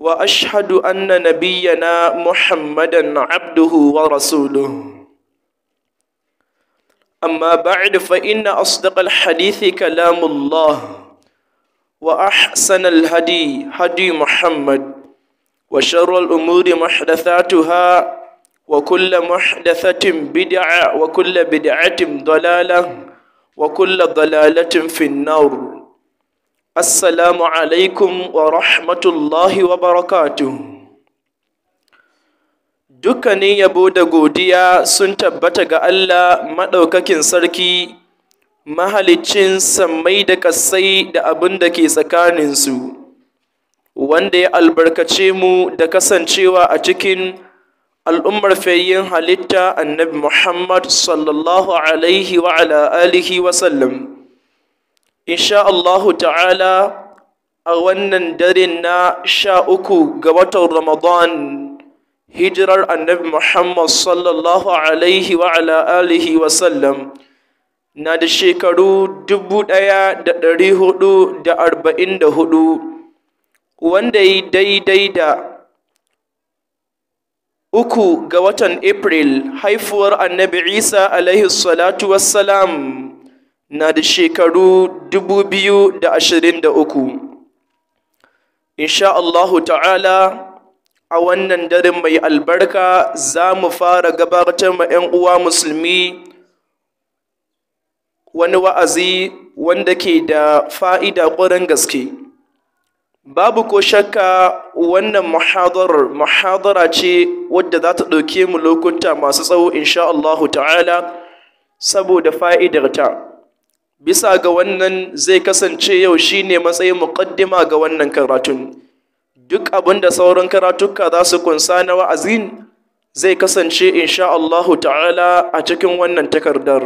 واشهد ان نبينا محمدا عبده ورسوله اما بعد فان اصدق الحديث كلام الله واحسن الهدي هدي محمد وشر الامور محدثاتها وكل محدثة بدعة وكل بدعة ضلالة وكل ضلالة في النار Assalamu alaikum wa rahmatullahi wa barakatuh. Dukkanin yabo da godiya sun tabbata ga Allah maɗaukakin sarki, mahaliccin sammai da ƙasai da abin da ke tsakaninsu, wanda ya albarkace mu da kasancewa a cikin al'ummar fayyin halitta annabi Muhammad sallallahu alaihi wa ala alihi wa sallam. insha Allahu ta'ala a wannan darin na sha uku ga watan Ramadan hijirar annabi Muhammad sallallahu alaihi wa ala alihi wa sallam na da shekaru dubu ɗaya da ɗari hudu da arba'in da hudu wanda yi daidai da uku ga watan April haifuwar annabi Isa alaihi salatu wassalam na da shekaru dubu biyu da ashirin da insha Allahu ta'ala a wannan daren mai albarka za mu fara gabatar ma 'yan uwa musulmi wani wa'azi wanda ke da fa'ida ƙwarin gaske babu ko shakka wannan muhadar muhadara ce wadda za ta ɗauke mu lokuta masu tsawo insha Allahu ta'ala saboda fa'idarta bisa ga wannan zai kasance yau shine matsayin muqaddima ga wannan karatun duk abin da sauran karatuka za su kunsa na wa'azin zai kasance insha Allahu ta'ala a cikin wannan takardar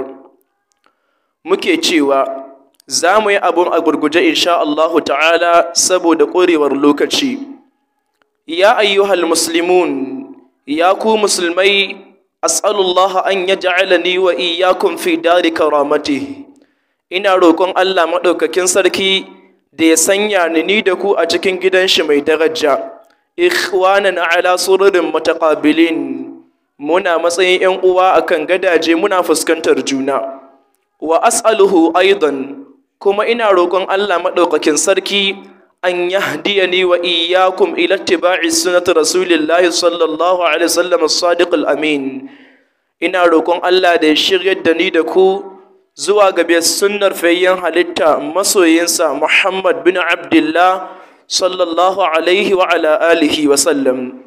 muke cewa za mu yi abun a gurguje insha Allahu ta'ala saboda ƙorewar lokaci ya ayyuhal muslimun ya ku musulmai as'alullaha an yaj'alani wa iyyakum fi dari karamatihi ina roƙon Allah maɗaukakin sarki da ya sanya ni ni da ku a cikin gidan shi mai daraja ikhwanan ala sururin mutaqabilin muna matsayin ƴan uwa akan gadaje muna fuskantar juna wa as'aluhu aidan kuma ina roƙon Allah maɗaukakin sarki an yahdiyani wa iyyakum ila ittiba'i sunnati rasulillahi sallallahu alaihi wasallam as-sadiq al-amin ina roƙon Allah da ya shiryar da ni da ku zuwa gabe sunnar fayyan halitta masoyinsa Muhammad bin Abdullah sallallahu alaihi wa ala wa sallam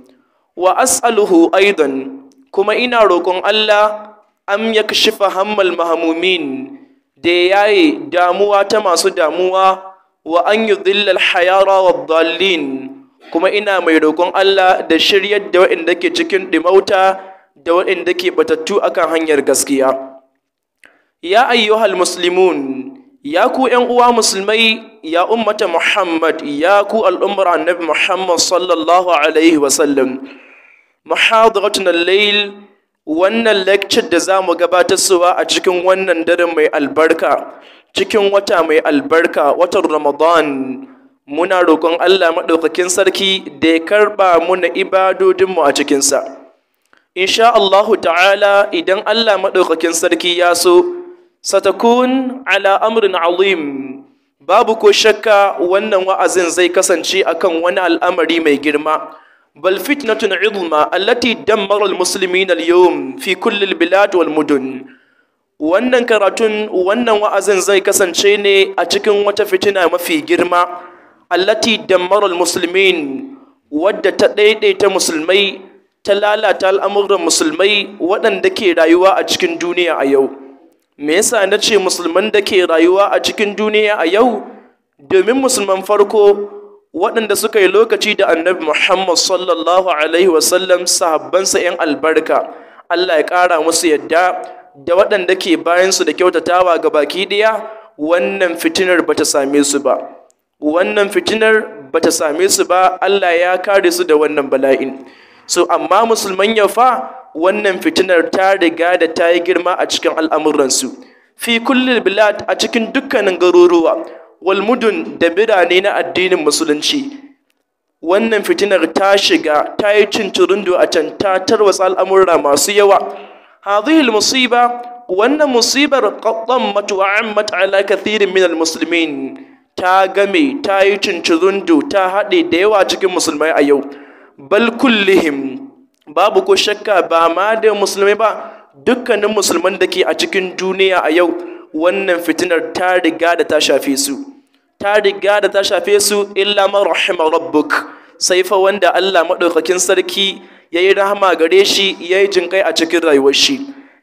wa as'aluhu aidan kuma ina roƙon Allah am yakshifa hammal mahmumin da ya yayi damuwa ta masu damuwa wa an yudhilla al-hayara wad-dallin kuma ina mai roƙon Allah da shiryar da waɗanda ke cikin ɗimauta da waɗanda ke batattu akan hanyar gaskiya ya ayyuhal muslimun ya ku ƴan uwa musulmai ya ummata muhammad ya ku al'ummar annabi muhammad sallallahu alaihi wasallam muhadaratun al-lail wannan lecture da zamu gabatarwa a cikin wannan daren mai albarka cikin wata mai albarka watan ramadan muna roƙon Allah maɗaukakin sarki da ya karɓa muna ibadodinmu a cikinsa. Insha Allahu ta'ala idan Allah maɗaukakin sarki ya so, satakun ala amrin azim babu ko shakka wannan wa'azin zai kasance akan wani al'amari mai girma bal fitnatun idma allati dammara almuslimin alyawm fi kulli albilad wal mudun wannan karatun wannan wa'azin zai kasance ne a cikin wata fitina mafi girma allati dammara almuslimin wadda ta daidaita musulmai ta lalata al'amuran musulmai waɗanda ke rayuwa a cikin duniya a yau me yasa na ce musulman da ke rayuwa a cikin duniya a yau domin musulman farko waɗanda suka yi lokaci da annabi muhammad sallallahu alaihi wasallam sahabbansa 'yan albarka allah ya ƙara musu yadda da waɗanda ke bayansu da kyautatawa ga baki ɗaya wannan fitinar ba ta same su ba wannan fitinar ba ta same su ba allah ya kare su da wannan bala'in so amma musulman yafa wannan fitinar ta riga da ta yi girma a cikin al'amuransu fi kullum bilad a cikin dukkanin garuruwa walmudun da birane na addinin musulunci wannan fitinar ta shiga ta yi cincirindo a can ta tarwatsa al'amura masu yawa hadhihi musiba wannan musibar qaddan matu'an mat'ala kathirin min almuslimin ta game ta yi cincirindo ta haɗe da yawa cikin musulmai a yau bal kullihim babu ko shakka ba ma da musulmai ba dukkanin musulman da ke a cikin duniya a yau wannan fitinar ta riga da ta shafe su ta riga da ta shafe su illa ma rabbuk sai fa wanda Allah madaukakin sarki yayi rahama gare shi yayi jinkai a cikin rayuwar shi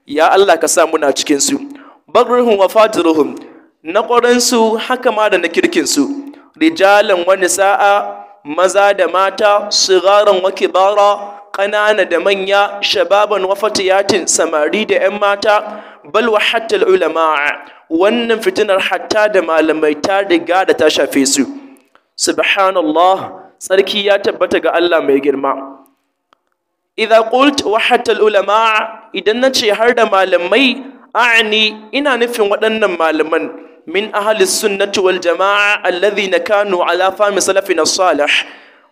ya Allah ka sa muna cikin su bagruhum wa fadruhum na kwaransu haka ma da na kirkin su rijalan wani sa'a maza da mata sigaran wa kibara ƙanana da manya shababan wa fatiyatin samari da 'yan mata bal wa hatta ulama wannan fitinar hatta da malamai ta riga da ta shafe su subhanallah tsarki ya tabbata ga Allah mai girma Idan qult wa hatta ulama idan nace har da malamai a'ni ina nufin waɗannan malaman min ahli sunnati wal jama'a alladhina Kano ala fahmi salafina salih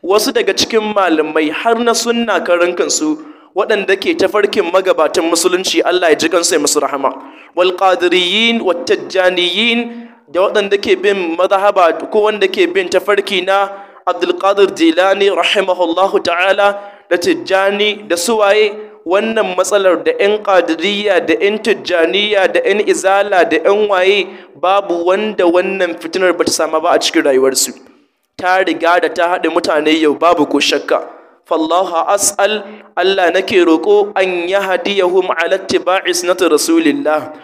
wasu daga cikin malamai har na sunna karan kansu waɗanda ke tafarkin magabatan musulunci Allah ya ji kansu musu rahama wal qadiriyin wat tajaniyin da waɗanda ke bin mazhaba ko wanda ke bin tafarki na Abdul Qadir Jilani rahimahullahu ta'ala da Tijjani da Suwaye wannan matsalar da 'yan ƙadiriya da 'yan tijjaniya da 'yan izala da 'yan waye babu wanda wannan fitinar ba ta sama ba a cikin rayuwarsu ta riga da ta haɗe mutane yau babu ko shakka fallaha as'al Allah nake roƙo an ya ala ittiba'i sunnati rasulillah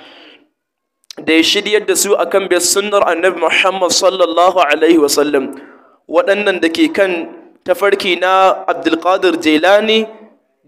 da ya shiryar da su akan bi sunnar annabi Muhammad sallallahu alaihi sallam. waɗannan da ke kan tafarki na Abdulkadir Jailani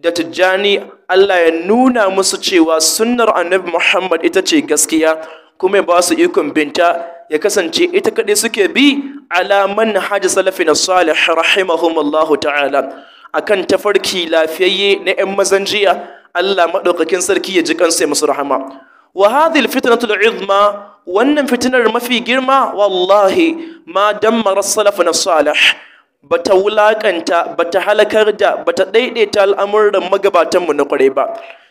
da tijjani Allah ya nuna musu cewa sunnar annabi Muhammad ita ce gaskiya kuma ya ba su ikon binta ya kasance ita kaɗai suke bi ala manhaj salafin salih rahimahumullahu ta'ala akan tafarki lafiyayye na 'yan mazan jiya Allah maɗaukakin sarki ya ji kansa musu rahama wa hadhihi alfitnatu al'izma wannan fitinar mafi girma wallahi ma salaf salafin salih Ba bata wulakanta ta halakar da ba bata daidaita al'amuran magabatanmu na kwarai ba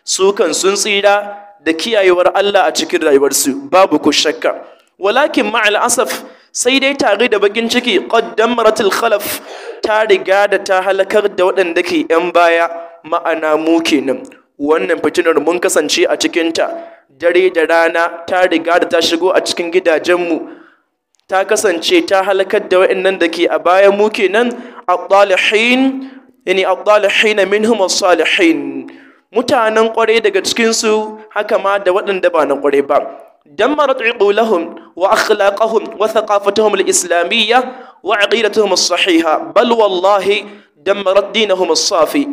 su kan sun tsira da kiyayewar Allah a cikin rayuwarsu babu ku shakka walakin ma'al asaf sai dai tare da bakin ciki qaddamaratul khalaf ta riga da ta halakar da waɗanda ke yan baya ma'ana mu kenan wannan fitinar mun kasance a cikinta dare da rana ta riga da ta shigo a cikin gidajenmu ta kasance ta halakar da wa'annan da ke a baya mu kenan at-talihin yani at-talihin minhum as-salihin mutanen kware daga cikin su haka ma da waɗanda ba na kware ba dammarat uqulahum wa akhlaqahum wa thaqafatuhum al-islamiyya wa aqidatuhum as-sahiha bal wallahi dammarat dinahum as-safi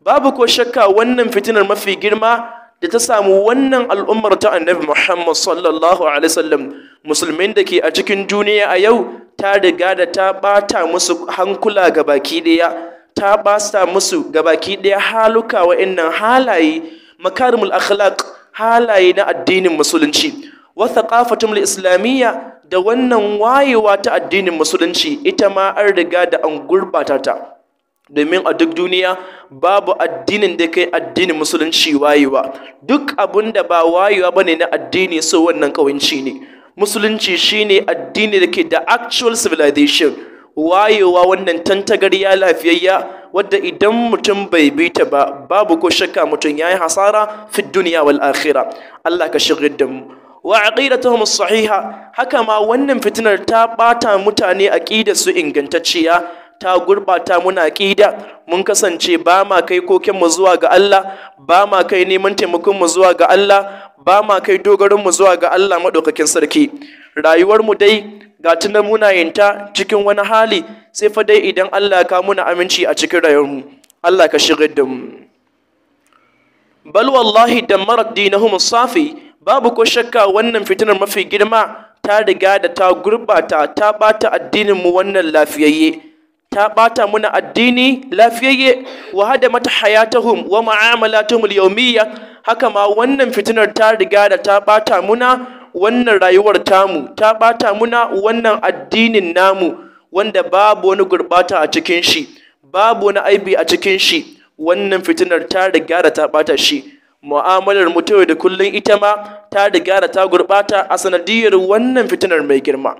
babu ko shakka wannan fitinar mafi girma da ta samu wannan al'ummar ta annabi Muhammad sallallahu alaihi wasallam musulmin da ke a cikin duniya a yau ta riga da ta bata musu hankula ga baki daya ta basta musu gabaki daya haluka wa'annan halaye makarimul akhlaq halaye na addinin musulunci wa thaqafatul islamiyya da wannan wayewa ta addinin musulunci ita ma an riga da an gurbata ta domin a duk duniya babu addinin da kai addinin musulunci wayewa duk abun da ba wayewa bane na addini so wannan kawanci ne musulunci shine addini da ke da actual civilization wayewa wannan tantagarya lafiyayya wadda idan mutum bai bi ta ba babu ko shakka mutum yayi hasara fi duniya wal akhira Allah ka shigar da mu wa aqidatuhum sahiha haka ma wannan fitinar ta bata mutane aqidar su ingantacciya ta gurbata muna ƙida, mun kasance ba ma kai kokenmu zuwa ga Allah ba ma kai neman taimakonmu zuwa ga Allah ba ma kai dogaronmu zuwa ga Allah maɗaukakin sarki rayuwarmu dai ga tunan muna yin ta cikin wani hali sai fa dai idan Allah ka muna aminci a cikin rayuwarmu Allah ka shigar da mu bal wallahi dina dinahum safi babu ko shakka wannan fitinar mafi girma ta riga da ta gurbata ta bata addinin mu wannan lafiyayye ta ɓata muna addini lafiyayye wa hada mata hayatahum wa mu'amalatuhum al-yawmiyya haka ma wannan fitinar ta riga da ta bata muna wannan rayuwar tamu ta ɓata muna wannan addinin namu wanda babu wani gurbata a cikin shi babu wani aibi a cikin shi wannan fitinar ta riga da ta ɓata shi mu'amalar mutum da kullum ita ma ta riga da ta gurbata a sanadiyar wannan fitinar mai girma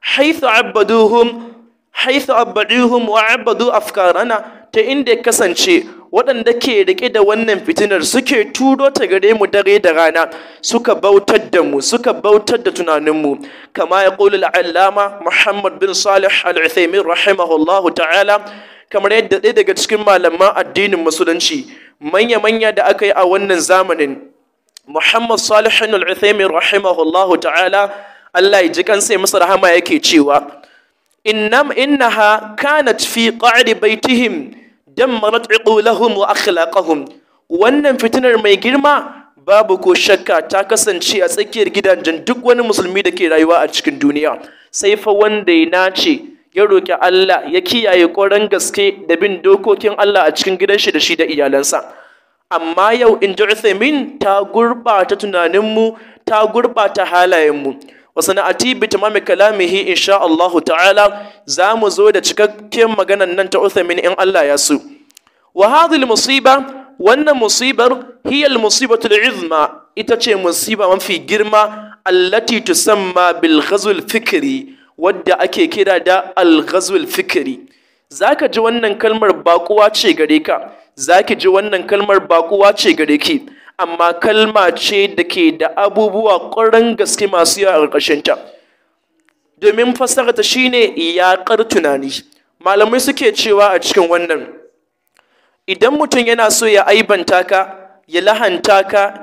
haitha abbaduhum haitha abbaduhum wa abadu afkarana ta inda ya kasance waɗanda ke riƙe da wannan fitinar suke turo ta gare mu dare da rana suka bautar da mu suka bautar da tunaninmu kama ya ƙulu allama muhammad bin salih al rahimahullahu ta'ala kamar yadda ɗaya daga cikin malaman addinin musulunci manya-manya da aka yi a wannan zamanin muhammad salih al rahimahullahu ta'ala Allah ya ji kansa masa rahama yake cewa innam innaha kanat fi qa'di baitihim dammarat iqulahum wa akhlaqahum wannan fitinar mai girma babu ko shakka ta kasance a tsakiyar gidajen duk wani musulmi da ke rayuwa a cikin duniya sai fa wanda ya nace ya roki Allah ya kiyaye koran gaske da bin dokokin Allah a cikin gidan shi da shi da iyalansa amma yau in ta gurbata tunaninmu ta gurbata halayenmu wa sana'ati bi tamami kalamihi insha ta'ala za mu zo da cikakken maganan nan ta Uthaymin in Allah ya so musiba wannan musibar hiya al izma ita ce musiba mafi girma allati tusamma bil ghazwil wadda ake kira da al Fikiri. fikri zaka ji wannan kalmar bakuwa ce gare ka zaki ji wannan kalmar bakuwa ce gare ki amma kalma ce da ke da abubuwa ƙwarar gaske masu yawa a ƙarƙashinta domin shi shine yaƙar tunani malamai suke cewa a cikin wannan idan mutum yana so ya aibanta ka ya lahanta ka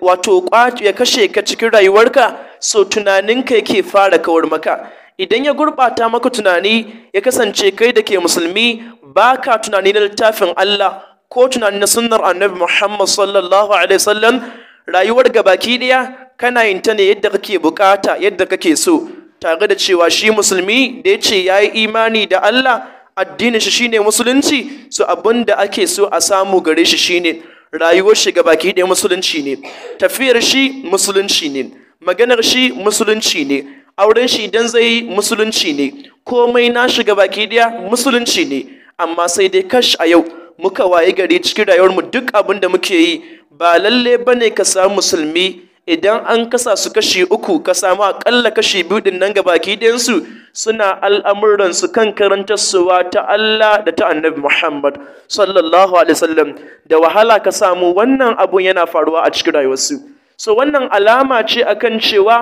wato ya kashe ka cikin rayuwarka so tunaninka yake fara kawar maka idan ya gurɓata maka tunani ya kasance kai da ke musulmi ba ka tunani na littafin Allah ko tunani na sunnar annabi Muhammad sallallahu alaihi sallam rayuwar gabaki daya kana yin ta ne yadda kake bukata yadda kake so tare da cewa shi musulmi da ya ce ya yi imani da Allah addinin shi shine musulunci su abin da ake so a samu gare shi shine rayuwar shi gabaki daya musulunci ne tafiyar shi musulunci ne maganar shi musulunci ne auren shi idan zai musulunci ne komai na shi baki daya musulunci ne amma sai dai kash a yau muka wayi gari cikin rayuwarmu duk abin da muke yi ba lalle bane ka samu musulmi idan an kasa su kashi uku ka samu akalla kashi biyu din nan gabaki ɗayansu suna al'amuran su kan karantarsuwa ta Allah da ta annabi Muhammad sallallahu alaihi wasallam da wahala ka samu wannan abun yana faruwa a cikin rayuwarsu so wannan alama ce akan cewa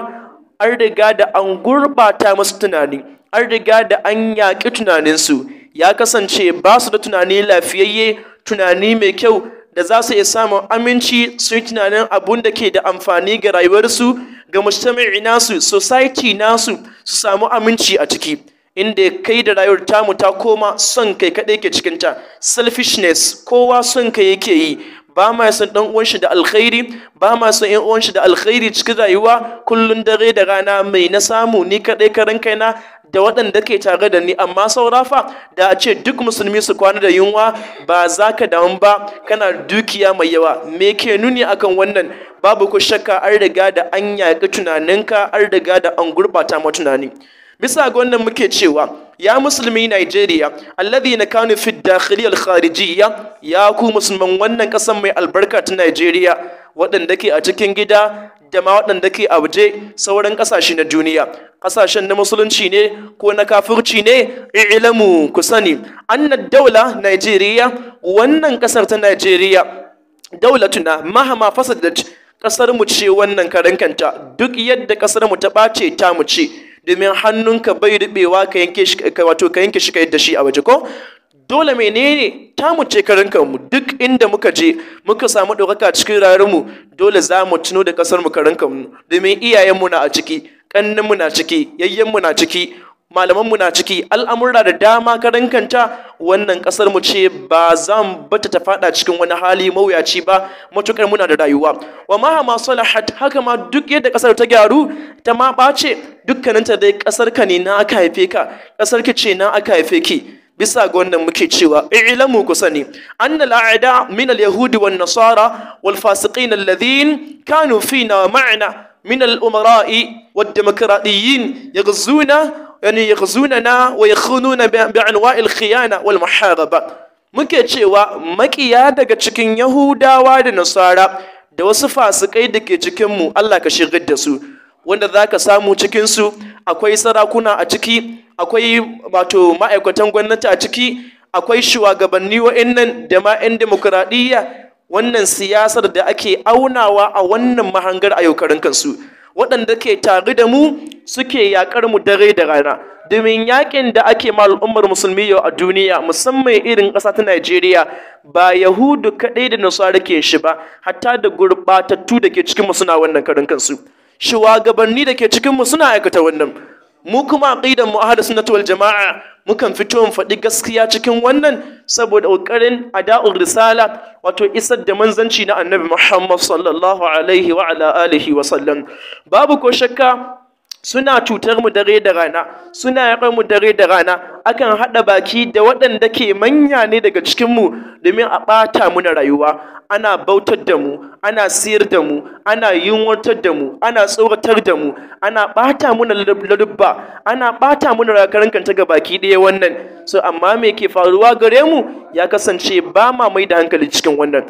an riga da an gurbata musu tunani an riga da an yaƙi tunaninsu ya kasance ba su da tunani lafiyayye tunani mai kyau da za su iya samun aminci su yi tunanin abun da ke da amfani ga rayuwarsu ga mujtama'i nasu society nasu su samu aminci a ciki inda kai da rayuwar tamu ta koma son kai kaɗai ke cikinta selfishness kowa son kai yake yi ba ma son ɗan uwan da alkhairi ba ma son yan uwan shi da alkhairi cikin rayuwa kullun dare da rana mai na samu ni kaɗai karan kaina da waɗanda ke tare da ni amma saura fa da a ce duk musulmi su kwana da yunwa ba za ka damu ba kana dukiya mai yawa me ke nuni akan wannan babu ku shakka an riga da an yaƙi tunaninka an riga da an gurɓata ma tunani bisa ga wannan muke cewa ya musulmi Nigeria alladhina kanu fi dakhili al kharijiyya ya ku musulman wannan kasan mai albarka ta Nigeria waɗanda ke a cikin gida da ma waɗanda ke a waje sauran ƙasashe na duniya ƙasashen na musulunci ne ko na kafirci ne ilamu ku sani annad daula Nigeria wannan ƙasar ta Nigeria daulatuna mahama fasadat ƙasar mu ce wannan karankanta duk yadda ƙasar mu ta ɓace ta mu ce domin hannunka bai rubewa ka yanke shi wato ka yanke shi ka yadda shi a waje ko dole menene ta mu ce karin mu duk inda muka je muka samu ɗaukaka cikin mu dole za mu tuno da kasar mu karin mu domin iyayen mu na a ciki ƙannin mu na ciki yayyen mu na ciki malamanmu na ciki al'amurra da dama karankanta wannan kasar mu ce ba zan bata ta fada cikin wani hali mawuyaci ba matukar muna da rayuwa wa ma ma salahat haka ma duk yadda ƙasar ta gyaru ta ma ɓace dukkaninta dai ƙasar ka ne na aka haife ka ƙasar ki ce na aka haife ki bisa ga wannan muke cewa i'lamu ku sani annal a'da min al-yahudi wan nasara wal fasiqin alladhin kanu fina ma'na min al-umara'i wad-demokradiyyin yaghzuna yani yakhzunana wa yakhununa bi anwa'il khiyana wal muharaba muke cewa makiya daga cikin yahudawa da nasara da wasu fasikai da ke cikin mu Allah ka shigar da su wanda zaka samu cikin su akwai sarakuna a ciki akwai wato ma'aikatan gwamnati a ciki akwai shugabanni wa'annan da ma 'yan wannan siyasar da ake aunawa a wannan mahangar a kansu waɗanda ke tare da mu suke yakar mu dare da rana domin yakin da ake ma al'ummar musulmi yau a duniya musamman irin ƙasa ta Najeriya ba Yahudu kaɗai da Nasara ke shi ba hatta da gurɓatattu da ke cikinmu suna wannan karin kansu shugabanni da ke cikinmu suna aikata wannan mu kuma aqidan mu ahlus sunnati wal jamaa mukan fito mu faɗi gaskiya cikin wannan saboda ƙoƙarin ada'ul risala wato isar da manzanci na annabi Muhammad sallallahu alaihi wa ala alihi wa sallam babu ko shakka suna cutar mu dare da rana suna yaƙar mu dare da rana akan haɗa baki da waɗanda ke manya ne daga cikin mu domin a ɓata mu rayuwa ana bautar da mu ana siyar da mu ana yunwatar da mu ana tsoratar da mu ana ɓata mu na ana ɓata mu na rakarankanta ga baki ɗaya wannan so amma me ke faruwa gare mu ya kasance ba ma mai da hankali cikin wannan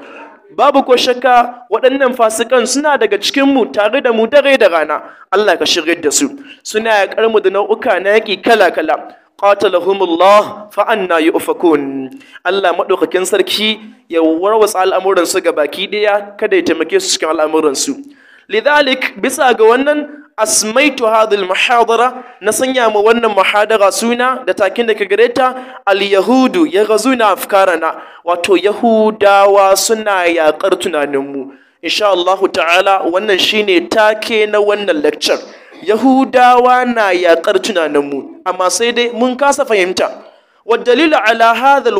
babu ko shakka waɗannan fasikan suna daga cikin mu tare da mu dare da rana Allah ka shirye da su suna yaƙar mu da nau'uka na yaƙi kala kala qatalahumullah fa anna yufakun Allah madaukakin sarki ya warwatsa al'amuran su ga baki daya kada ya taimake su cikin al'amuran su lidhalik bisa ga wannan asmaitu hadhihi muhadara na sanya ma wannan muhadara suna da takin da ka gareta ya yahudu yaghazuna afkarana wato yahudawa suna yakar tunaninmu insha Allah ta'ala wannan shine take na wannan lecture yahudawa na yakar mu amma sai dai mun kasa fahimta wa dalilu ala hadha al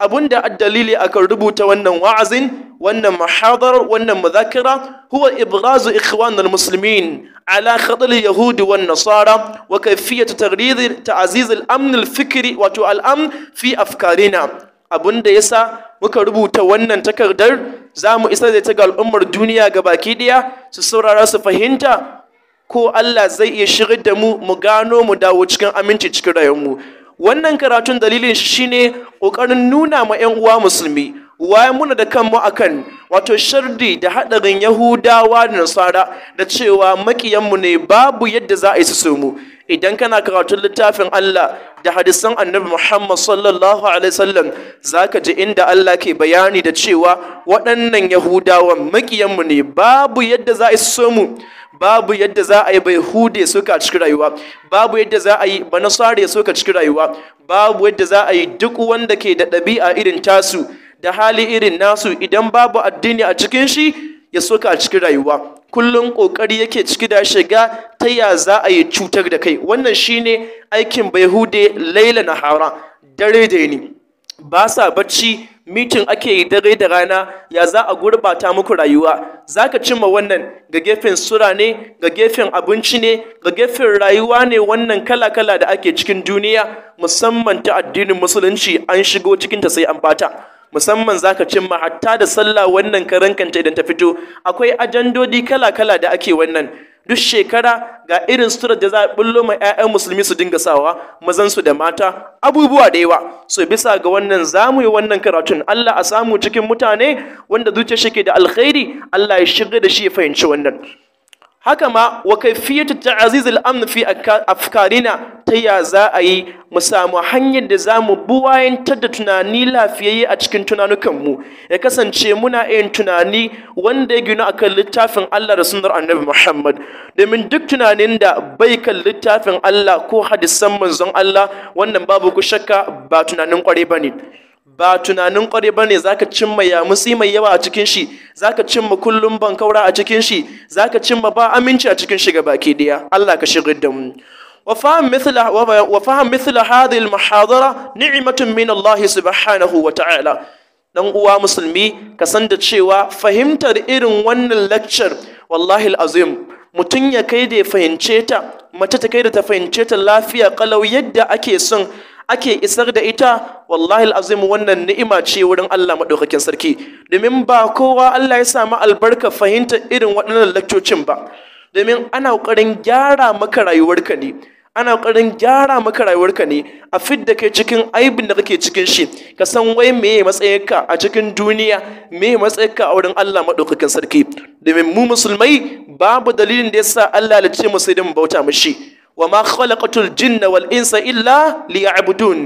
Abun da addalili akan rubuta wannan wa'azin wannan mahadar wannan muzakira huwa ibrazu ikhwanul muslimin ala khatil yahudi wan nasara wa kayfiyatu tagrid ta'ziz al-amn al-fikri wato al-amn fi afkarina abinda yasa muka rubuta wannan takardar zamu isa da ta ga al'ummar duniya ga baki daya su saurara su fahimta ko Allah zai iya shigar da mu mu gano mu dawo cikin aminci cikin rayuwar mu wannan karatun dalilin shi ne ƙoƙarin nuna ma 'yan uwa musulmi waye muna da kanmu akan wato shardi da haɗarin yahudawa da nasara da cewa makiyanmu ne babu yadda za a yi su mu idan kana karatun littafin Allah da hadisan annabi Muhammad sallallahu alaihi wasallam ka ji inda Allah ke bayani da cewa waɗannan yahudawan makiyanmu ne babu yadda za a yi su mu babu yadda za a yi bai hude suka cikin rayuwa babu yadda za a yi banasare suka cikin rayuwa babu yadda za a yi duk wanda ke da ɗabi'a irin tasu da hali irin nasu idan babu addini a cikin shi ya soka a cikin rayuwa kullum kokari yake ciki da shiga ta ya za a yi cutar da kai wannan shine aikin bai hude laila nahara dare da ni ba sa bacci mitin ake yi dare da rana ya za a gurbata muku rayuwa za ka cimma wannan ga gefen sura ne ga gefen abinci ne ga gefen rayuwa ne wannan kala-kala da ake cikin duniya musamman ta addinin musulunci an shigo cikinta sai an bata musamman za ka cimma hatta da sallah wannan karankanta idan ta fito akwai ajandodi kala-kala da ake wannan duk shekara ga irin sutura da za a bullo ma 'ya'yan musulmi su dinga sawa mazansu da mata abubuwa da yawa so bisa ga wannan zamu yi wannan karatun Allah a samu cikin mutane wanda zuciya shi ke da alkhairi Allah ya shiga da shi ya fahimci wannan haka ma wa kaifiyatu ta'aziz amn fi afkarina ta ya za a yi mu samu hanyar da za mu buwayantar da tunani lafiyayye a cikin tunanukanmu ya kasance muna yin tunani wanda ya gina kan littafin Allah da sunar annabi Muhammad domin duk tunanin da bai kan littafin Allah ko hadisan manzon Allah wannan babu ku shakka ba tunanin kwarai ne. ba tunanin ƙware ba ne za ka cimma yamutsi mai yawa a cikin shi za ka cimma kullum bankaura a cikin shi za ka cimma ba aminci a cikin shi baki daya. Allah ka shigar da mu وفهم مثل وفهم مثل هذه المحاضرة نعمة من dan uwa musulmi ka san da cewa fahimtar irin wannan lecture wallahi azim mutum ya kai da ya fahimce ta mace ta kai da ta fahimce ta lafiya kalau yadda ake son ake isar da ita wallahi alazim wannan ni'ima ce wurin Allah madaukakin sarki domin ba kowa Allah ya samu albarka fahimta irin waɗannan lakcocin ba domin ana ƙoƙarin gyara maka rayuwarka ne ana ƙoƙarin gyara maka rayuwarka ne a fit da kai cikin aibin da kake cikin shi ka san wai meye matsayinka a cikin duniya meye matsayinka a wurin Allah maɗaukakin sarki domin mu musulmai babu dalilin da ya sa Allah ya ce mu sai mu bauta mishi wa ma khalaqatul jinna wal insa illa liya'budun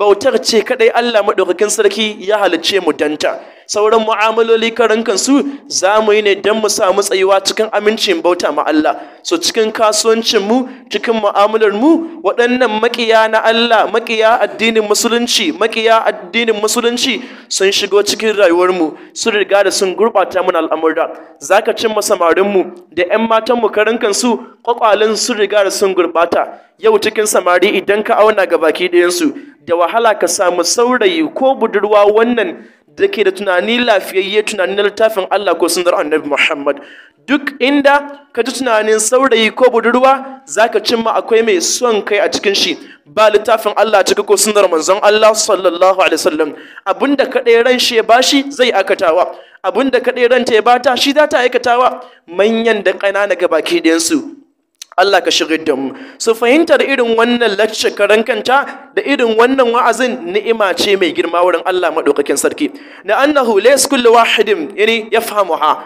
bautar ce kadai Allah madaukakin sarki ya halice mu danta sauran mu'amaloli karan kansu za mu yi ne don mu samu tsayuwa cikin amincin bauta ma Allah so cikin kasuwancin mu cikin mu'amalar mu waɗannan makiya na Allah makiya addinin musulunci makiya addinin musulunci sun shigo cikin rayuwar mu sun riga da sun gurɓata mana al'amura zaka cin samarin mu da ƴan matan mu karan kansu kwakwalin sun riga da sun gurɓata yau cikin samari idan ka auna ga baki ɗayansu da wahala ka samu saurayi ko budurwa wannan da ke da tunani lafiyayye tunani na littafin Allah ko sunar annabi Muhammad duk inda ka ji tunanin saurayi ko budurwa za ka cimma akwai mai son kai a cikin shi ba littafin Allah cika ko sunar manzon Allah sallallahu alaihi wasallam abinda kaɗai ran shi ya bashi zai akatawa abinda kaɗai ran ta ya bata shi za ta aikatawa manyan da ƙanana gabaki ɗayansu Allah ka shigar da mu su fahimtar irin wannan lecture karan da irin wannan wa'azin ni'ima ce mai girma wurin Allah madaukakin sarki na annahu lays kullu wahidin yani yafhamuha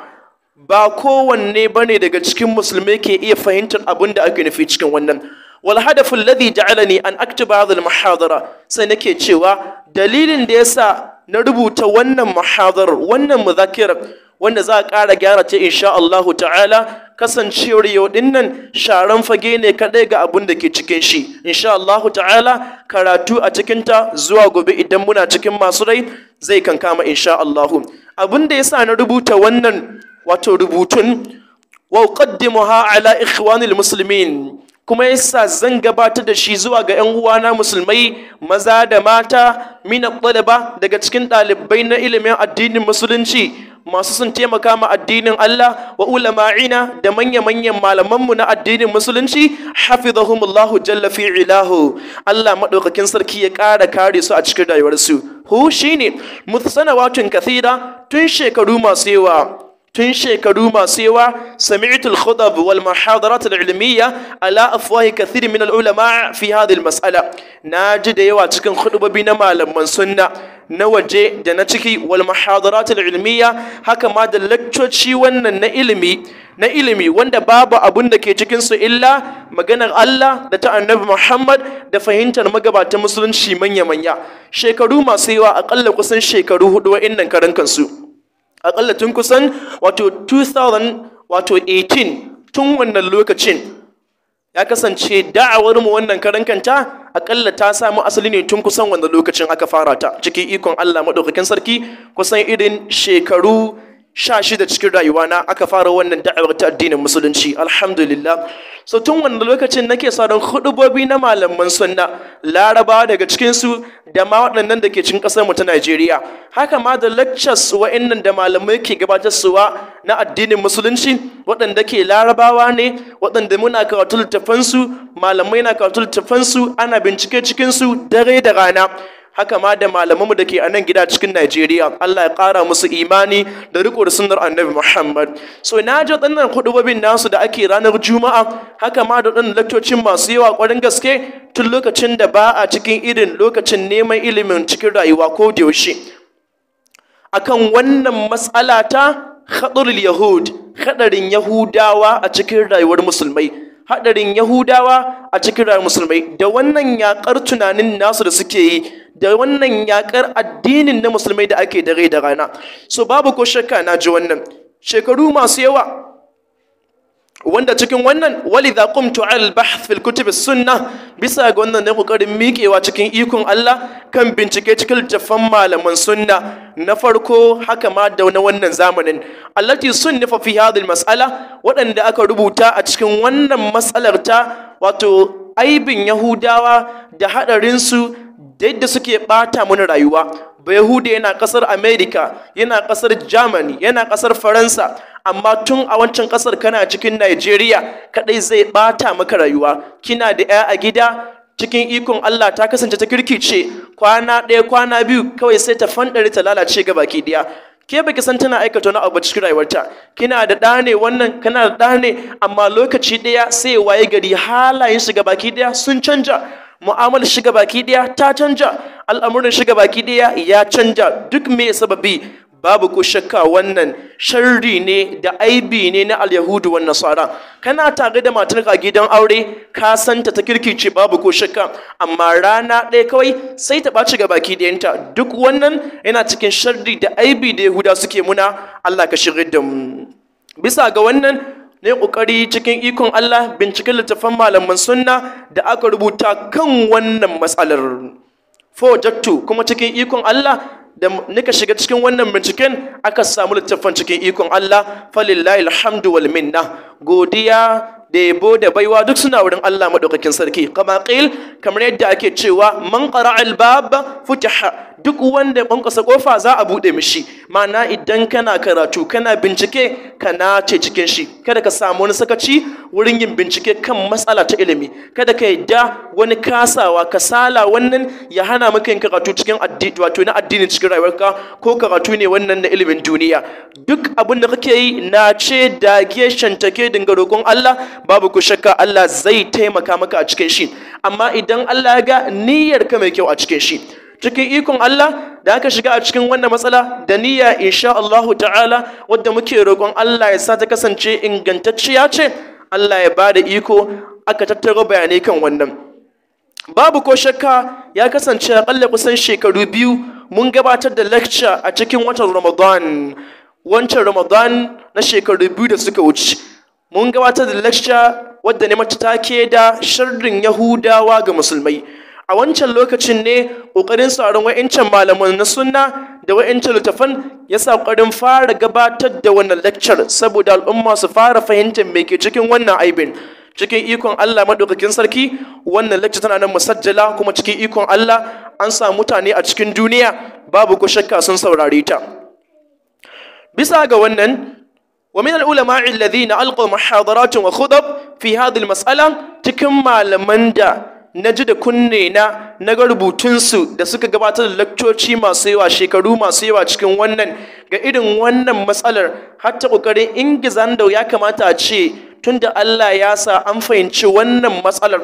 ba kowanne bane daga cikin musulmai ke iya fahimtar abin da ake nufi cikin wannan wal hadaful ladhi ja'alani an aktuba hadhihi muhadara sai nake cewa dalilin da yasa na rubuta wannan muhadar wannan muzakirar wanda za a ƙara gyara ta insha Allahu ta'ala kasancewar yau din nan sharan fage ne kadai ga abun da ke cikin shi insha Allahu ta'ala karatu a cikin ta zuwa gobe idan muna cikin masu rai zai kankama insha Allahu abun da yasa na rubuta wannan wato rubutun wa uqaddimuha ala ikhwanil muslimin kuma yasa zan gabatar da shi zuwa ga 'yan uwana musulmai maza da mata mina ɗalaba daga cikin ɗalibai na ilimin addinin musulunci masu sun taimaka ma addinin Allah wa ulama'ina da manya-manyan malamanmu na addinin musulunci hafizahumullahu jalla fi ilahu Allah madaukakin sarki ya ƙara kare su a cikin rayuwarsu hu shine watun kathira tun shekaru masu yawa tun shekaru masu yawa sami'tul khutab wal muhadarat al ala afwahi kathir min al ulama fi hadhihi al mas'ala naji da yawa cikin khutbobi na malaman sunna na waje da na ciki wal muhadarat al ilmiya haka ma da lectoci wannan na ilimi na ilimi wanda babu abun da ke cikin su illa maganar Allah da ta Annabi Muhammad da fahimtar magabatan musulunci manya manya shekaru masu yawa akalla kusan shekaru hudu wa'annan karan kansu aƙalla tun kusan wato 2018 tun wannan lokacin ya kasance da'awar mu wannan karankanta kanta akalla ta samu asali ne tun kusan wanda lokacin aka fara ta cikin ikon Allah madaukakin sarki kusan irin shekaru sha shida cikin rayuwana aka fara wannan da'awar ta addinin musulunci alhamdulillah so tun wannan lokacin nake sauran hudubobi na malaman sunna larabawa daga cikinsu da ma waɗannan da ke cikin mu ta najeriya haka ma da lectures wa'innan da malamai ke gabatar gabatarsuwa na addinin musulunci waɗanda ke larabawa ne waɗanda muna karatu littafansu malamai na karatu littafansu ana bincike cikinsu dare da rana haka ma da malamanmu da ke a nan gida cikin Najeriya Allah ya kara musu imani da riko sunar sunnar Annabi Muhammad so na ji waɗannan hudubobin nasu da ake ranar Juma'a haka ma da waɗannan laktocin masu yawa ƙwarin gaske tun lokacin da ba a cikin irin lokacin neman ilimin cikin rayuwa ko da yaushe akan wannan matsala ta haɗarin yahud haɗarin yahudawa a cikin rayuwar musulmai haɗarin yahudawa a cikin rayuwar musulmai da wannan yaƙar tunanin nasu da suke yi da wannan yakar addinin na musulmai da ake dare da rana so babu ko shakka na ji wannan shekaru masu yawa wanda cikin wannan walidha qumtu al bahth fil kutub sunnah bisa ga wannan ne kokarin miƙewa cikin ikon Allah kan bincike cikin littafan malaman sunna na farko haka ma da wannan zamanin allati sunnifa fi hadhihi mas'ala waɗanda aka rubuta a cikin wannan mas'alar ta wato aibin Yahudawa da haɗarinsu da yadda suke ɓata mana rayuwa Bayahude yana ƙasar Amerika, yana ƙasar Germany, yana ƙasar Faransa, amma tun a wancan ƙasar kana cikin Najeriya kaɗai zai ɓata maka rayuwa. Kina da 'ya a gida, cikin ikon Allah ta kasance ta kirki ce, kwana ɗaya kwana biyu kawai sai ta fanɗari ta lalace ga baki ɗaya. ke baki san tana aikata wani abu cikin rayuwarta kina da ɗa ne wannan kana da ɗa ne amma lokaci ɗaya sai waye gari halayen shiga baki ɗaya sun canja mu'amalar shiga baki ɗaya ta canja al'amuran shiga baki ɗaya ya canja duk mai sababi babu ko shakka wannan sharri ne da aibi ne na alyahudu wa nasara kana tare da matar ka gidan aure ka santa ta kirkice babu ko shakka amma rana ɗaya kawai sai ta ɓaci ga baki ɗayanta duk wannan yana cikin sharri da aibi da yahuda suke muna allah ka shigar da mu bisa ga wannan na yi ƙoƙari cikin ikon Allah binciken littattafan malaman sunna da aka rubuta kan wannan matsalar Fojattu kuma cikin ikon Allah da nika shiga cikin wannan binciken aka samu littattafan cikin ikon Allah falillahi alhamdu wal minna godiya da yabo da baiwa duk suna wurin Allah madaukakin sarki kama kamar yadda ake cewa man qara'a al-bab futiha duk wanda ya bankasa kofa za a bude mishi ma'ana idan kana karatu kana bincike kana ce cikin shi kada ka samu wani sakaci wurin yin bincike kan matsala ta ilimi kada ka yadda wani kasawa kasala wannan ya hana maka yin karatu cikin addini wato na addini cikin rayuwarka ko karatu ne wannan na ilimin duniya duk abin da kake yi na ce dage shantake dinga roƙon Allah babu ku shakka Allah zai taimaka maka a cikin shi amma idan Allah ya ga ka mai kyau a cikin shi cikin ikon Allah da aka shiga a cikin wannan matsala da niyya insha Allahu ta'ala wadda muke roƙon Allah ya sa ta kasance ingantacciya ce Allah ya bada iko aka tattaro bayanai kan wannan babu ko shakka ya kasance a ƙalla kusan shekaru biyu mun gabatar da lecture a cikin watan Ramadan wancan Ramadan na shekaru biyu da suka wuce mun gabatar da lecture wadda ne mata take da sharrin Yahudawa ga musulmai a wancan lokacin ne ƙoƙarin sauran wa'incan malaman na sunna da wa'incan littafan ya sa ƙoƙarin fara gabatar da wannan lakcar saboda al'umma su fara fahimtar mai ke cikin wannan aibin cikin ikon Allah madaukakin sarki wannan lecture tana nan musajjala kuma cikin ikon Allah an sa mutane a cikin duniya babu ko shakka sun saurare ta bisa ga wannan wa min al-ulama'i alladhina alqaw muhadaratun wa khutab fi hadhihi al cikin malaman da na ji da kunne na na ga rubutunsu da suka gabatar da lakcoci masu yawa shekaru masu yawa cikin wannan ga irin wannan matsalar har ta ƙoƙarin ingizan da ya kamata a ce tun da Allah ya sa an fahimci wannan matsalar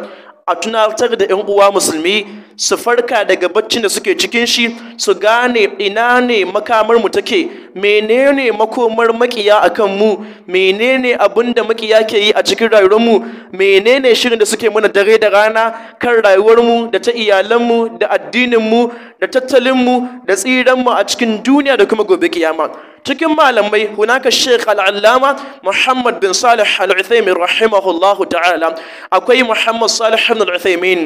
a tunatar da 'yan uwa musulmi su farka daga baccin da suke cikin shi su gane ina ne makamar mu take menene makomar makiya kan mu menene abin da makiya ke yi a cikin rayuwar mu menene shirin da suke mana dare da rana kan rayuwar mu da ta iyalan mu da addinin mu da tattalin mu da tsiran mu a cikin duniya da kuma gobe kiyama cikin malamai hunaka sheikh al'allama muhammad bin salih al'uthaimin rahimahullahu ta'ala akwai muhammad salih ibn al'uthaimin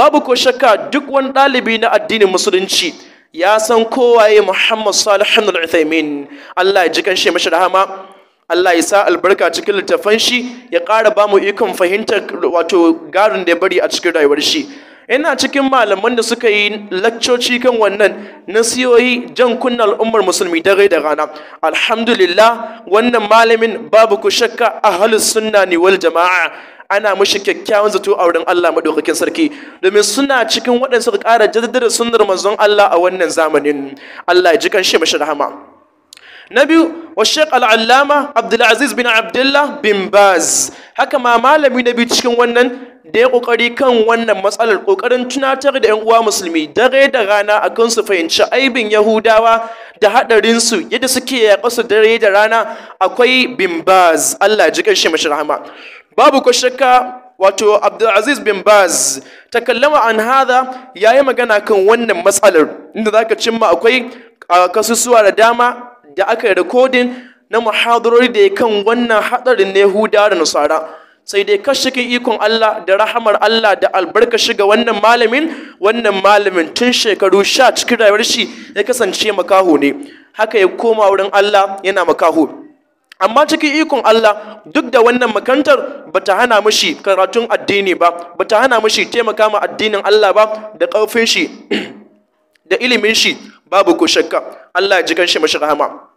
babu ko shakka duk wani ɗalibi na addinin musulunci ya san kowaye Muhammad Salihun al-Uthaymin Allah ya ji kanshi mashi rahama Allah ya sa albarka cikin littafan shi ya ƙara ba mu ikon fahimtar wato garin da ya bari a cikin rayuwar shi ina cikin malaman da suka yi lakcoci kan wannan nasiyoyi jan kunna al'ummar musulmi dare da rana alhamdulillah wannan malamin babu ku shakka ahlus sunna ne wal jama'a ana mishi kyakkyawan zato a wurin Allah madaukakin sarki domin suna cikin waɗanda suka ƙara jaddada sunnar manzon Allah a wannan zamanin Allah ya ji kan shi rahama na biyu wa sheik al'allama abdulaziz bin abdullah bin baz haka ma malami na biyu cikin wannan da ya ƙoƙari kan wannan matsalar ƙoƙarin tunatar da 'yan uwa musulmi dare da rana a kan su fahimci aibin yahudawa da haɗarinsu yadda suke yaƙa su dare da rana akwai bimbaz allah ji ƙarshe mashi rahama babu ko shakka wato Abdulaziz bin Baz takallama an ya yi magana kan wannan matsalar inda zaka cimma akwai kasusuwa da dama da aka yi rikodin na muhadarori da ya kan wannan hadarin ne Yahuda da Nasara sai dai shiga ikon Allah da rahamar Allah da albarka shiga wannan malamin wannan malamin tun shekaru sha cikin rayuwar shi ya kasance makaho ne haka ya koma wurin Allah yana makaho amma cikin ikon Allah duk da wannan makantar bata hana mishi karatun addini ba bata hana mishi taimaka ma addinin Allah ba da ƙarfin shi da ilimin shi babu ko shakka Allah ya ji kanshi mashi rahama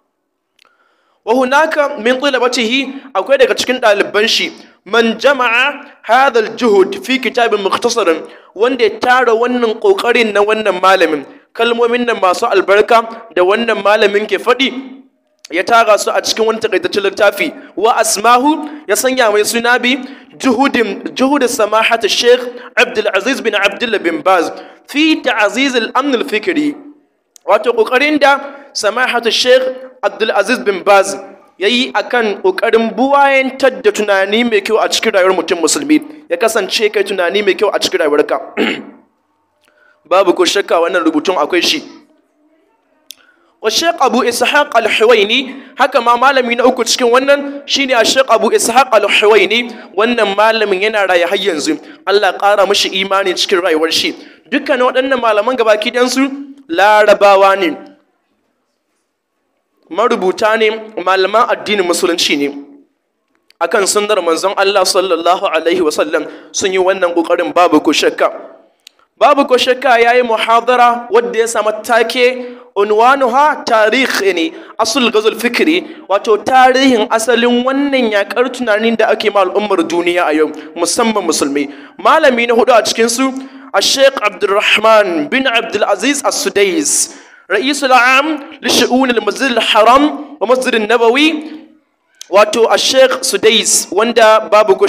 wa hunaka min talabatihi akwai daga cikin ɗaliban shi man jama'a hadha al-juhud fi kitabin mukhtasarin wanda ya tara wannan kokarin na wannan malamin kalmomin nan masu albarka da wannan malamin ke faɗi ya tara su a cikin wani takaitaccen littafi wa asmahu ya sanya mai suna bi juhudin juhud samahata sheikh abdul aziz bin abdullah bin baz fi ta'ziz al-amn al-fikri wato kokarin da samahata sheikh abdul aziz bin baz yayi akan kokarin buwayen da tunani mai kyau a cikin rayuwar mutum musulmi ya kasance kai tunani mai kyau a cikin rayuwarka babu ko shakka wannan rubutun akwai shi wa Sheikh Abu Ishaq Al-Huwaini haka ma malami na uku cikin wannan shine a Sheikh Abu Ishaq Al-Huwaini wannan malamin yana raye har yanzu Allah ƙara mishi imani cikin rayuwar shi dukkan waɗannan malaman gabaki ɗayan su larabawa ne marubuta ne malaman addinin musulunci ne akan sunnar manzon Allah sallallahu alaihi wasallam sun yi wannan ƙoƙarin babu ko babu ko ya yi muhadara wadda ya samu take unwanuha tarihi ne asul gazul fikri wato tarihin asalin wannan yakar tunanin da ake ma al'ummar duniya a yau musamman musulmi malami na hudu a cikin su الشيخ عبد الرحمن بن عبد العزيز السديس رئيس العام لشؤون المسجد الحرام ومسجد النبوي wato a sheikh sudais wanda babu ko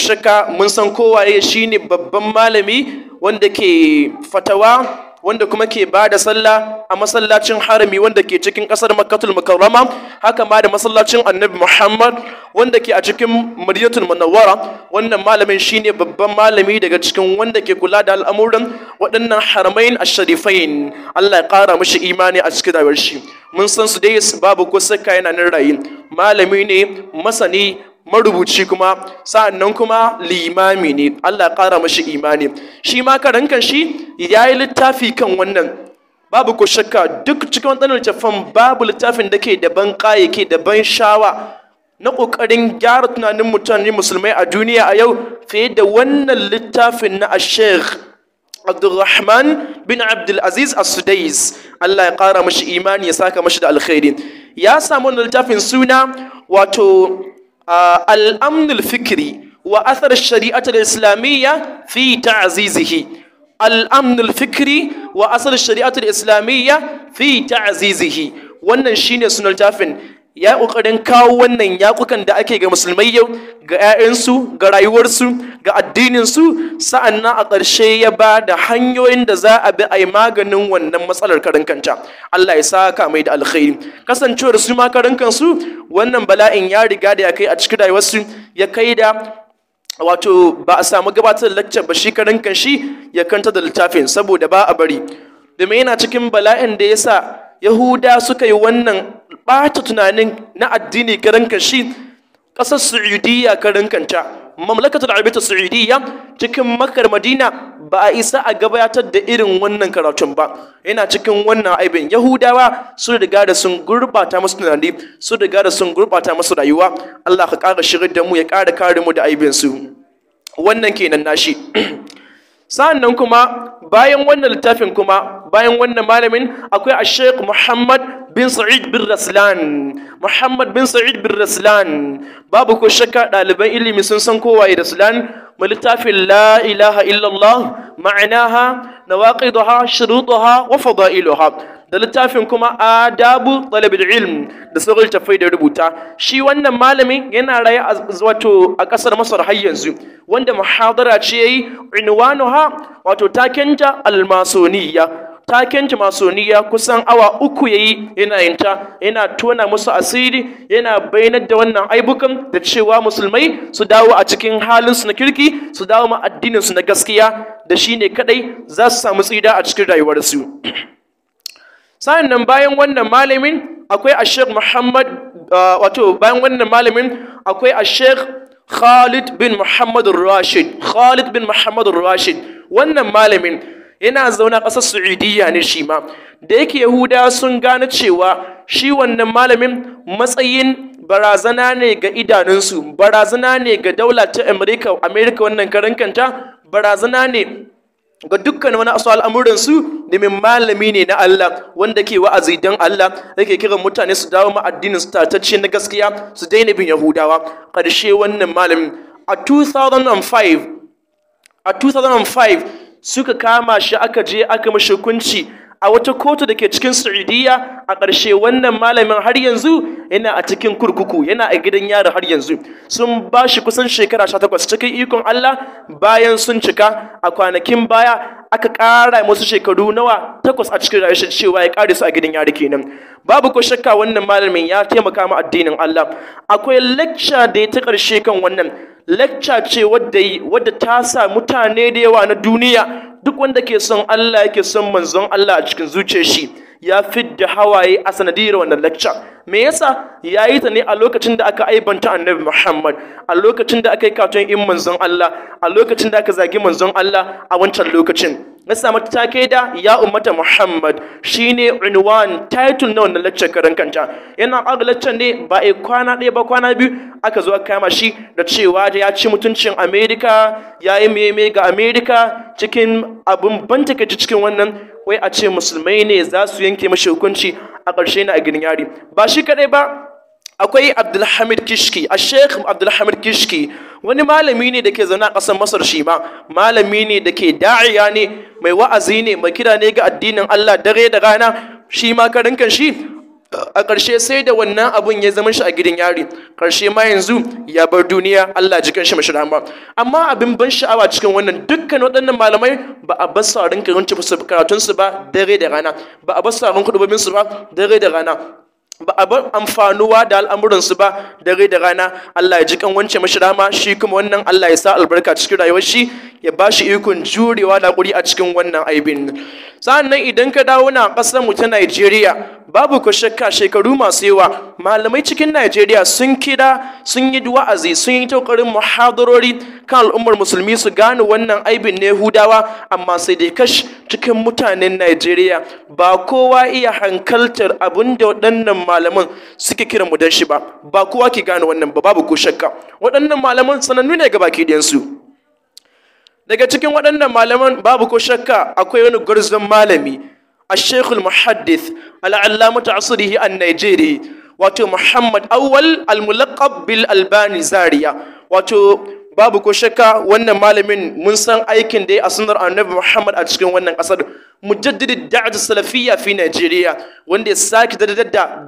mun san kowaye shine babban malami wanda ke fatawa wanda kuma ke ba da sallah a masallacin harami wanda ke cikin ƙasar makkatul mukarrama haka ma da masallacin annabi muhammad wanda ke a cikin madinatul munawwara wannan malamin shine babban malami daga cikin wanda ke kula da al'amuran waɗannan haramain asharifain allah ya ƙara mishi imani a cikin rayuwar shi mun san su dai babu ko saka yana nan rayu malami ne masani marubuci kuma sa'an nan kuma limami ne Allah ƙara mashi imani shi ma karankan shi ya yi littafi kan wannan babu ko shakka duk cikin waɗannan babu littafin da ke daban ƙaye ke daban shawa na ƙoƙarin gyara tunanin mutane musulmai a duniya a yau fiye da wannan littafin na ashek abdulrahman bin abdulaziz as-sudais allah ya ƙara mashi imani ya saka mashi da alkhairi ya samu wannan littafin suna wato al'amnul fikiri wa asar shari'atar islamiyya fi ta'azizihi al'amnul fikiri wa asar shari'atar islamiyya fi azizihi wannan shine sunan tafin ya ƙoƙarin kawo wannan yaƙukan da ake ga musulmai yau ga 'ya'yansu ga rayuwarsu ga addininsu sa'an na a ƙarshe ya ba da hanyoyin da za a bi a yi maganin wannan matsalar karin kanta Allah ya saka mai da alkhairi kasancewar su ma karin kansu wannan bala'in ya riga da ya kai a cikin rayuwarsu ya kai da wato ba a samu gabatar lacca ba shi karin kanshi ya kanta da littafin saboda ba a bari domin yana cikin bala'in da ya sa yahuda suka yi wannan ɓata tunanin na addini karan kashi ƙasar su'udiyya karan kanta mamlakatul arabiyyar su'udiyya cikin makar madina ba a isa a gabatar da irin wannan karatun ba yana cikin wannan aibin yahudawa sun riga da sun gurbata musu tunani sun riga da sun gurbata musu rayuwa allah ka ƙara shirin da mu ya ƙara kare mu da aibin su wannan kenan nashi sa'an kuma bayan wannan littafin kuma bayan wannan malamin akwai a sheikh muhammad bin sa'id bin raslan muhammad bin sa'id bin raslan babu ko shakka ɗaliban ilimi sun san kowaye raslan mu littafin la ilaha illallah ma'anaha nawaqidaha shurutuha wa fadailuha da littafin kuma adabu talibul ilm da sauran littattafai da rubuta shi wannan malami yana raye a wato a ƙasar Masar har yanzu wanda muhadara ce yayi inwanuha wato takenta almasoniya taken masoniya kusan awa uku yayi yana yinta yana tona musu asiri yana bayanar da wannan aibukan da cewa musulmai su dawo a cikin halin su na kirki su dawo ma addinin su na gaskiya da shine kadai za su samu tsida a cikin rayuwarsu sa'an bayan wannan malamin akwai ashek muhammad ah, wato bayan wannan malamin akwai ashek khalid bin muhammad rashid khalid bin muhammad rashid wannan malamin yana zauna ƙasar Saudiya ne shi ma da yake Yahuda sun gane cewa shi wannan malamin matsayin barazana ne ga idanunsu barazana ne ga daula ta Amerika Amerika wannan karin kanta barazana ne ga dukkan wani asu al'amuransu domin malami ne na Allah wanda ke wa'azi don Allah yake kira mutane su dawo ma addinin su tatacce na gaskiya su daina bin Yahudawa ƙarshe wannan malamin a 2005 a 2005 suka kama shi aka je aka mashi hukunci a wata kotu da ke cikin Saudiya a ƙarshe wannan malamin har yanzu yana a cikin kurkuku yana a gidan yari har yanzu sun ba shi kusan shekara 18 cikin ikon Allah bayan sun cika a kwanakin baya aka ƙara musu shekaru nawa takwas a cikin rayuwar cewa ya ƙare su a gidan yari kenan babu ko shakka wannan malamin ya taimaka ma addinin Allah akwai lecture da ya ta ƙarshe kan wannan lecture ce wadda ta sa mutane da yawa na duniya duk wanda ke son Allah yake son manzon Allah a cikin zuciyar shi ya da hawaye a sanadiyar wannan lecture me yasa ya yi ta ne a lokacin da aka aibanta annabi muhammad a lokacin da aka yi katon in manzon allah a lokacin da aka zagi manzon allah a wancan lokacin na samu ke da ya ummata muhammad shine unwan title na wannan lecture karan kanta yana ƙaga lecture ne ba a kwana ɗaya ba kwana biyu aka zo kama shi da cewa da ya ci mutuncin Amerika, ya yi meme ga Amerika, cikin abin ban cikin wannan wai a ce musulmai ne za su yanke mashi hukunci a ƙarshe na a gidan yari ba shi kaɗai ba akwai abdulhamid kishki a sheikh abdulhamid kishki wani malami ne da ke zaune a ƙasar masar shi ma malami ne da ke da'iya ne mai wa'azi ne mai kira ne ga addinin allah dare da rana shi ma karinkan shi a ƙarshe sai da wannan abun ya zama shi a gidan yari ƙarshe ma yanzu ya bar duniya Allah jikin shi mashi rahama amma abin ban sha'awa cikin wannan dukkan waɗannan malamai ba a bar sarin karanta su karatun su ba dare da rana ba a bar sarin kudubobin su ba dare da rana ba a bar amfanuwa da al'amuransu ba dare da rana Allah ya ji kan wance mashi rahama shi kuma wannan Allah ya sa albarka cikin rayuwar shi ya ba shi ikon jurewa da ƙuri a cikin wannan aibin sannan idan ka dawo na ƙasar mu ta Najeriya babu ku shakka shekaru masu yawa malamai cikin Najeriya sun kira sun yi wa'azi sun yi tokarin muhadarori kan al'ummar musulmi su gane wannan aibin ne hudawa amma sai dai kash cikin mutanen Najeriya ba kowa iya hankaltar abin da waɗannan malaman suke kira mu dan shi ba ba kowa ke gane wannan ba babu ku shakka waɗannan malaman sanannu ne ga baki ɗayansu daga cikin waɗannan malaman babu ko shakka akwai wani gwarzon malami الشيخ المحدث العلامة عصره النيجيري واتو محمد أول الملقب albani zaria wato babu ko shakka wannan malamin mun san aikin da ya a sunar annabi Muhammad a cikin wannan kasar mujaddidi da'at salafiyya fi Najeriya wanda ya sake da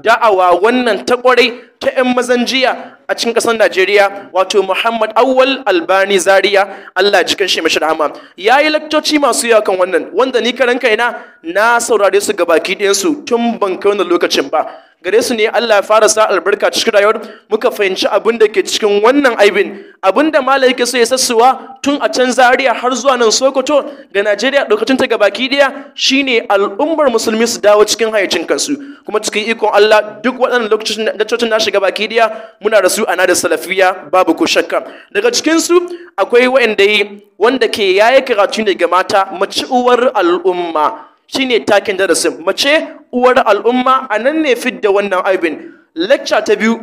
da'awa wannan ta kwarai ta 'yan mazan jiya. a cikin ƙasar Najeriya wato Muhammad Awwal Albani Zaria Allah cikin shi mashi rahama ya yi lakcoci masu yawa kan wannan wanda ni karan kaina na saurare su ga baki ɗayansu tun ban kai wannan lokacin ba gare su ne Allah ya fara sa albarka cikin rayuwar muka fahimci abin da ke cikin wannan aibin abin da malai yake so ya sassuwa tun a can Zaria har zuwa nan Sokoto ga Najeriya lokacin ta ga gabaki ɗaya shine al'ummar musulmi su dawo cikin hayacin kansu kuma cikin ikon Allah duk waɗannan lokacin na shiga baki daya muna da su ana da salafiya babu ko shakka daga cikin su akwai wanda yi wanda ke yayi karatu ne ga mata mace uwar al'umma shine takin darasin mace uwar al'umma anan ne fidda wannan aibin lecture ta biyu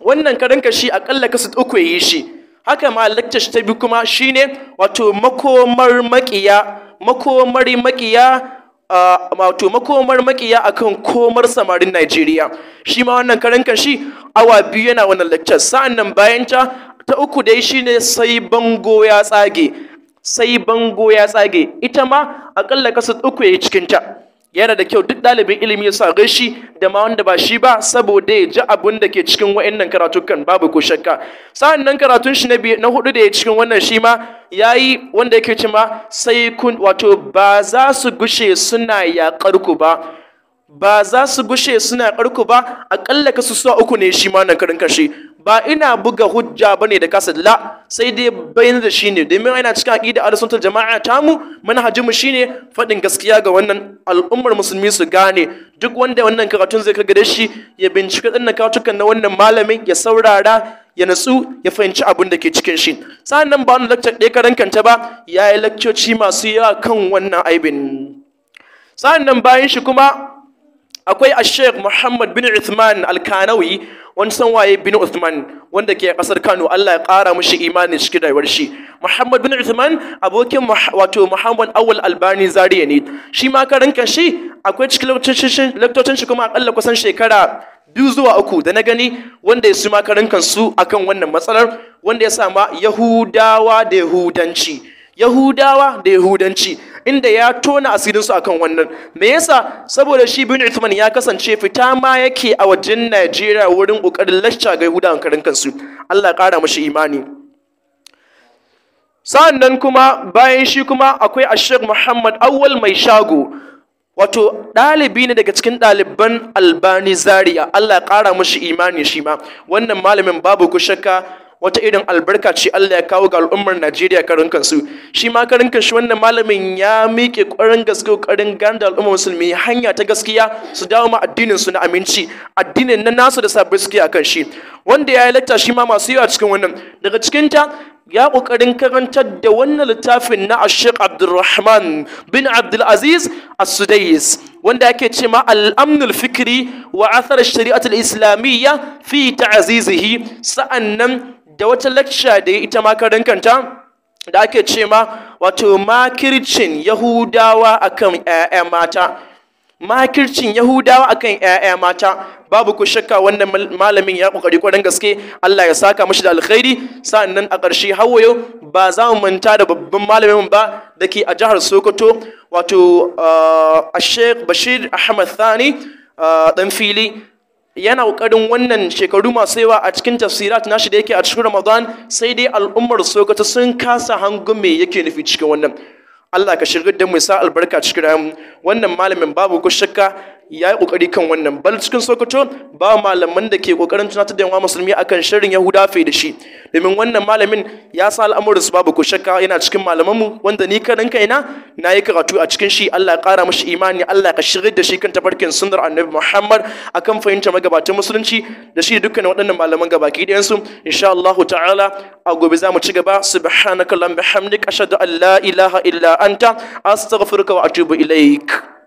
wannan karin kashi akalla kasu uku yayi shi haka ma lecture ta biyu kuma shine wato makomar makiya makomar makiya wato makomar makiya akan komar samarin Najeriya shi ma wannan karan shi awa biyu yana wannan lecture sa'an nan bayan ta ta uku dai shine sai bango ya tsage sai bango ya tsage ita ma akalla kasu uku yayi cikin ta yana da kyau duk ɗalibin ilimi ya sa shi da ma wanda ba shi ba saboda ya ji abin da ke cikin wa'annan karatukan babu ko shakka sa'an nan karatun shi na hudu da ya cikin wannan shi ma ya yi wanda yake ci ma sai kun wato ba za su gushe suna yaƙar ku ba ba za su gushe suna ƙarku ba aƙalla kasu sa uku ne shi ma na karin kashe ba ina buga hujja bane da kasa la sai dai bayyana da ne. domin ina cikin aqida al-sunnatul jama'a ta mu manhajin mu shine faɗin gaskiya ga wannan al'ummar musulmi su gane duk wanda wannan karatun zai kaga da shi ya bincika dinnan karatukan na wannan malamin ya saurara ya natsu ya fahimci abin da ke cikin shi sannan ba wani lecture ɗaya karan kanta ba yayi lakcoci masu yawa kan wannan aibin sannan bayan shi kuma akwai ashek muhammad bin uthman alkanawi wani san waye bin uthman wanda ke kasar kano allah ya kara mushi imani cikin rayuwar shi muhammad bin uthman abokin wato muhammad awal albani zariya ne shi ma karan shi akwai cikin laktocin shi kuma akalla kusan shekara biyu zuwa uku da na gani wanda ya su ma karan kansu akan wannan matsalar wanda ya sama yahudawa da yahudanci yahudawa da yahudanci inda ya tona asirin su akan wannan me yasa saboda shi bin Uthman ya kasance fita ma yake a wajen Najeriya wurin kokarin lacca ga an karin kansu Allah kara mashi imani sa'annan kuma bayan shi kuma akwai Ashek Muhammad Awwal mai shago wato ɗalibi ne daga cikin ɗaliban albani zaria allah ya ƙara mashi imani shi ma wannan malamin babu ku shakka wata irin albarka ce Allah ya kawo ga al'ummar Najeriya karin kansu shi ma karin kansu wannan malamin ya miƙe ƙwarin gaske ƙoƙarin gane da al'ummar musulmi hanya ta gaskiya su dawo ma addinin su na aminci addinin na nasu da sabbi suke akan shi wanda ya yi lakta shi ma masu yawa cikin wannan daga cikin ta ya ƙoƙarin karantar da wannan littafin na Ashik Abdulrahman bin Abdulaziz As-Sudais wanda yake ce ma al-amnul fikri wa athar shari'atul islamiyya fi ta'azizihi sa'annan da wata lecture da ya ita ma kanta da ake ce ma wato makircin yahudawa akan ƴaƴa mata makircin yahudawa akan ƴaƴa mata babu ku shakka wannan malamin ya kokari kwarin gaske Allah ya saka mashi da alkhairi sa'annan a ƙarshe hawayo ba za mu manta da babban malamin ba da ke a jihar Sokoto wato ah, a Sheikh Bashir Ahmad Thani dan ah, fili yana ƙoƙarin wannan shekaru masu yawa a cikin tafsirat nashi da yake a cikin Ramadan sai dai al'ummar Sokoto sun kasa hangun me yake nufi cikin wannan Allah ka shirgar da mu sa albarka cikin rayuwa wannan malamin babu ko shakka ya yi ƙoƙari kan wannan bal cikin sokoto ba malaman da ke ƙoƙarin tunatar da yawa musulmi akan shirin yahuda fai da shi domin wannan malamin ya sa al'amuran su babu ku shakka yana cikin malamanmu wanda ni karan kaina na yi karatu a cikin shi Allah ya ƙara mashi imani Allah ka shirin da shi kan tafarkin sunnar annabi Muhammad akan fahimta magabatan musulunci da shi da dukkan waɗannan malaman gabaki ɗayan su insha allahu ta'ala a gobe za mu ci gaba subhanakallahumma bihamdik ashhadu an la ilaha illa anta astaghfiruka wa atubu ilaik